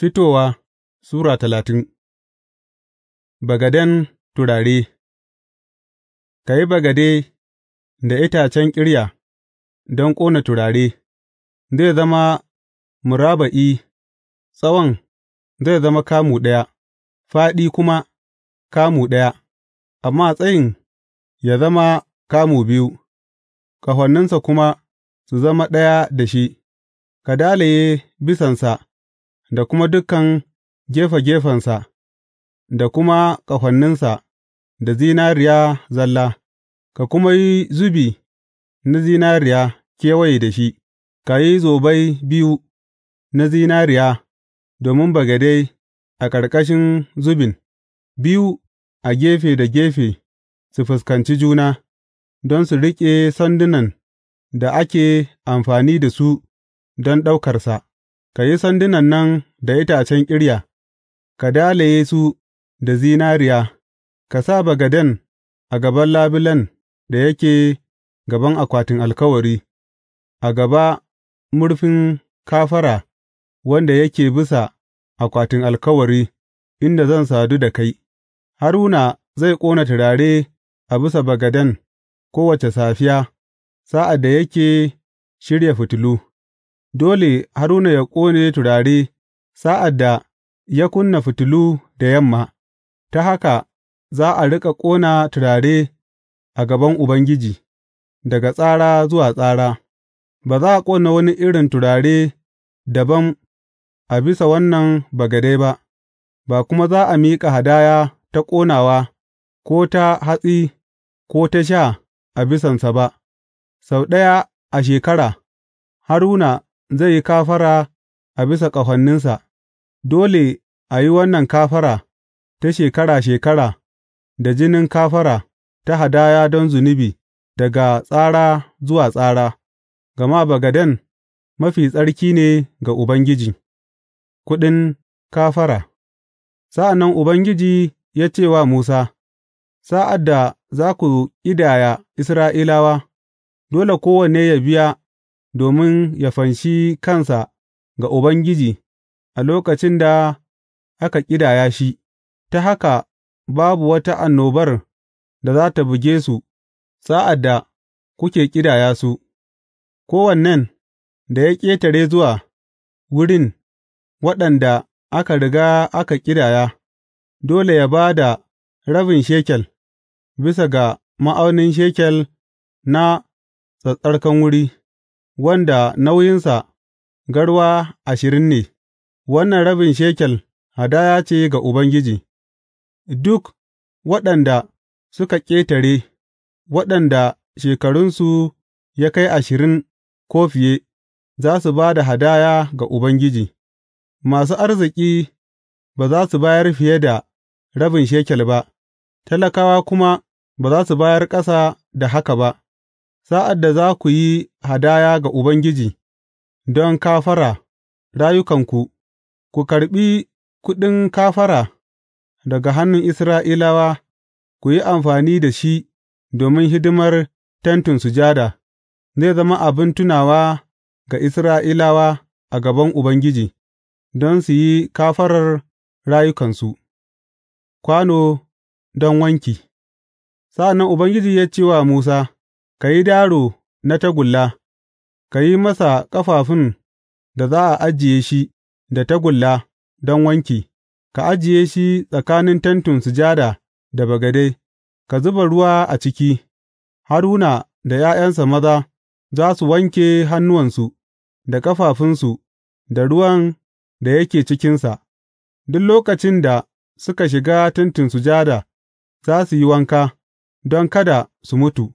Fitowa Sura talatin Bagaden turare Ka yi bagade da itacen ƙirya don ƙona turare, zai zama muraba'i. tsawon zai zama kamu ɗaya, faɗi kuma kamu ɗaya, amma tsayin ya zama kamu biyu, ƙahoninsa kuma su zama ɗaya da shi, ka dalaye bisansa. da kuma dukan gefe gefensa, da kuma ƙahoninsa da zinariya zalla, ka kuma yi zubi na zinariya kewaye da shi, ka yi zobai biyu na zinariya domin bagade a ƙarƙashin zubin, biyu a gefe da gefe su fuskanci juna, don su riƙe sandunan da ake amfani da su don ɗaukarsa. Ka yi sandunan nan da itacen ƙirya, ka dalaye su da zinariya, ka sa bagaden a gaban labulen da yake gaban akwatin alkawari, a gaba murfin kafara wanda yake bisa akwatin alkawari, inda zan sadu da kai, Haruna zai ƙona turare a bisa bagaden kowace safiya sa'ad da yake shirya fitilu. dole Haruna yă ƙone turare sa'ad da ya kunna fitilu da yamma, ta haka za a riƙa ƙona turare a gaban Ubangiji, daga tsara zuwa tsara, ba za a ƙona wani irin turare dabam a bisa wannan bagade ba, ba kuma za a miƙa hadaya ta ƙonawa ko ta hatsi ko ta sha a bisansa ba, sau ɗaya a shekara, Haruna zai yi kafara a bisa ƙahoninsa, dole a yi wannan kafara ta shekara shekara da jinin kafara ta hadaya don zunubi daga tsara zuwa tsara, gama bagaden mafi tsarki ne ga Ubangiji. Kuɗin kafara Sa'an nan Ubangiji ya ce wa Musa, Sa'ad da za ku ƙidaya Isra'ilawa, dole kowanne ya biya domin yă fanshi kansa ga Ubangiji a lokacin da aka ƙidaya shi, ta haka babu wata annobar da za ta buge su sa'ad da kuke ƙidaya su, kowannen da ya ƙetare zuwa wurin waɗanda aka riga aka ƙidaya, dole ya ba da rabin shekel bisa ga ma'aunin shekel na tsattsarkan wuri. wanda nauyinsa garwa ashirin ne, wannan rabin shekel hadaya ce ga Ubangiji, duk waɗanda suka ƙetare, waɗanda shekarunsu ya kai ashirin ko fiye, za su ba da hadaya ga Ubangiji, masu arziki ba za su bayar fiye da rabin shekel ba, talakawa kuma ba za su bayar ƙasa da haka ba. Sa'ad da za ku yi hadaya ga Ubangiji don kafara rayukanku, ku karɓi kuɗin kafara daga hannun Isra'ilawa ku yi amfani da shi domin hidimar Tentin Sujada, zai zama abin tunawa ga Isra'ilawa a gaban Ubangiji, don su yi kafarar rayukansu. Kwano don wanki Sa'an nan Ubangiji ya ce wa Musa. Ka yi daro na tagulla, ka yi masa ƙafafun da za a ajiye shi da tagulla don wanki, ka ajiye shi tsakanin Tentin Sujada da bagade, ka zuba ruwa a ciki, Haruna da ’ya'yansa maza za su wanke hannuwansu da ƙafafunsu da ruwan da yake cikinsa, duk lokacin da suka shiga Tentin Sujada za su yi wanka, don kada su mutu.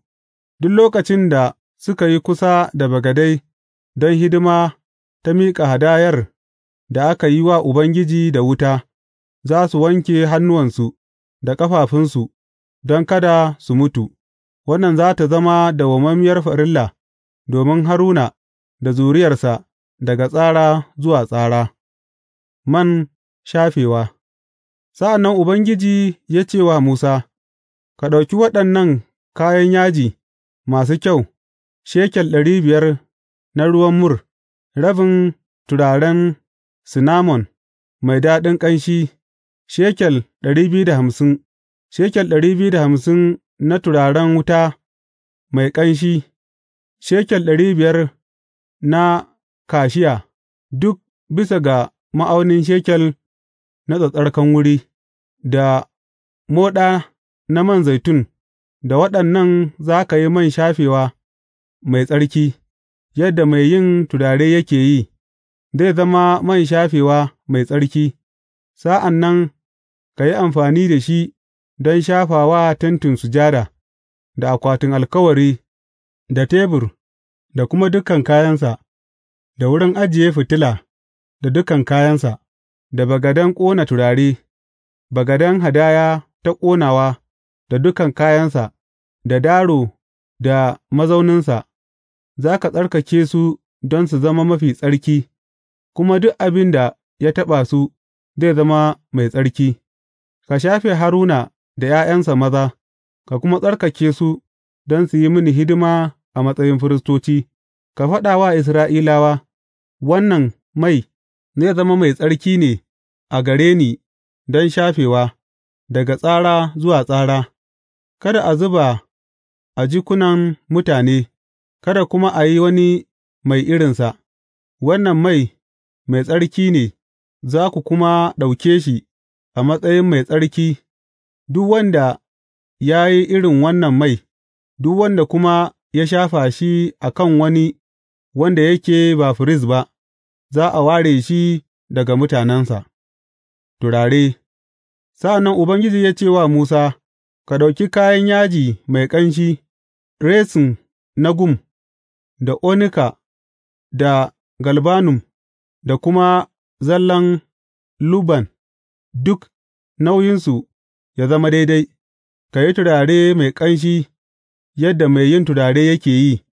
Duk lokacin da suka yi kusa da bagade don hidima ta miƙa hadayar da aka yi wa Ubangiji da wuta, za su wanke hannuwansu da ƙafafunsu don kada su mutu, wannan za tă zama dawwammamiyar farilla domin Haruna da zuriyarsa daga tsara zuwa tsara. Man shafewa Sa'an nan Ubangiji ya ce wa Musa, Ka ɗauki waɗannan kayan yaji. masu kyau, shekel ɗari biyar na ruwan mur, rabin turaren sinamon mai daɗin ƙanshi, shekel ɗari biyu da hamsin, shekel ɗari biyu da hamsin na turaren wuta mai ƙanshi, shekel ɗari biyar na kashiya, duk bisa ga ma'aunin shekel na tsattsarkan wuri, da moɗa na man zaitun. Da waɗannan za ka yi man shafewa mai tsarki, yadda mai yin turare yake yi, zai zama man shafewa mai tsarki, sa'an nan ka yi amfani da shi don shafa wa Tentin Sujada, da akwatin alkawari, da tebur, da kuma dukan kayansa, da wurin ajiye fitila, da dukan kayansa, da bagaden ƙona turare, bagaden hadaya ta ƙonawa. da dukan kayansa, da daro da mazauninsa, za ka tsarkake su don su zama mafi tsarki, kuma duk abin da ya taɓa su zai zama mai tsarki, ka shafe Haruna da ’ya'yansa maza, ka kuma tsarkake su don su yi mini hidima a matsayin firistoci, ka faɗa wa Isra'ilawa, Wannan mai zai zama mai tsarki ne a gare ni don shafewa, daga tsara zuwa tsara. Kada a zuba a jikunan mutane, kada kuma a yi wani mai irinsa; wannan mai, mai tsarki ne, za ku kuma ɗauke shi a matsayin mai tsarki, duk wanda ya yi irin wannan mai, duk wanda kuma ya shafa shi a kan wani wanda yake ba firist ba, za a ware shi daga mutanensa. Turare Sa'an nan Ubangiji ya ce wa Musa. ka ɗauki kayan yaji mai ƙanshi, resin na gum, da onika, da galbanum, da kuma zallan Luban duk nauyinsu ya zama daidai, ka yi turare mai ƙanshi yadda mai yin turare yake yi,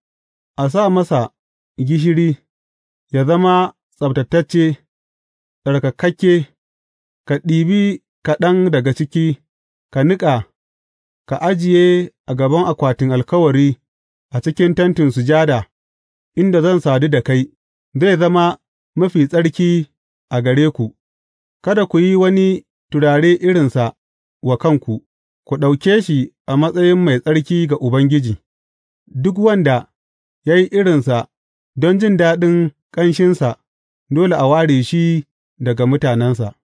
a sa masa gishiri, ya zama tsabtatacce, tsarkakakke, ka ɗibi kaɗan daga ciki, ka niƙa. ka ajiye a gaban akwatin alkawari a cikin Tentin Sujada, inda zan sadu da kai, zai zama mafi tsarki a gare ku, kada ku yi wani turare irinsa wa kanku, ku ɗauke shi a matsayin mai tsarki ga Ubangiji, duk wanda ya yi irinsa don jin daɗin ƙanshinsa, dole a ware shi daga mutanensa.